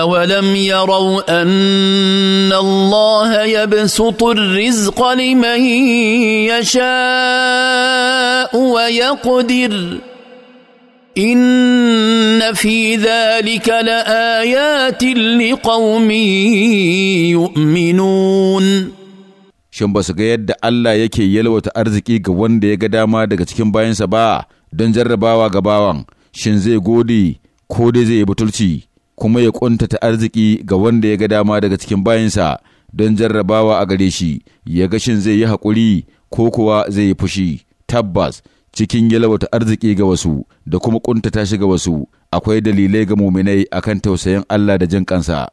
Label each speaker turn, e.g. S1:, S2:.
S1: أولم يروا أن الله يبسط الرزق لمن يشاء ويقدر إن في ذلك لآيات لقوم يؤمنون
S2: Shin ba su ga yadda Allah yake yalwata arziki ga wanda ya ga dama daga cikin bayansa ba don jarrabawa ga bawan, shin zai gode ko dai zai yi butulci. kuma ya ƙuntata arziki ga wanda ya ga dama daga cikin bayansa don jarrabawa a gare shi, ya ga shin zai yi haƙuri ko kuwa zai yi fushi, tabbas cikin yalwata arziki ga wasu da kuma ƙuntata shi ga wasu, akwai dalilai ga muminai akan tausayin
S3: Allah da jin kansa.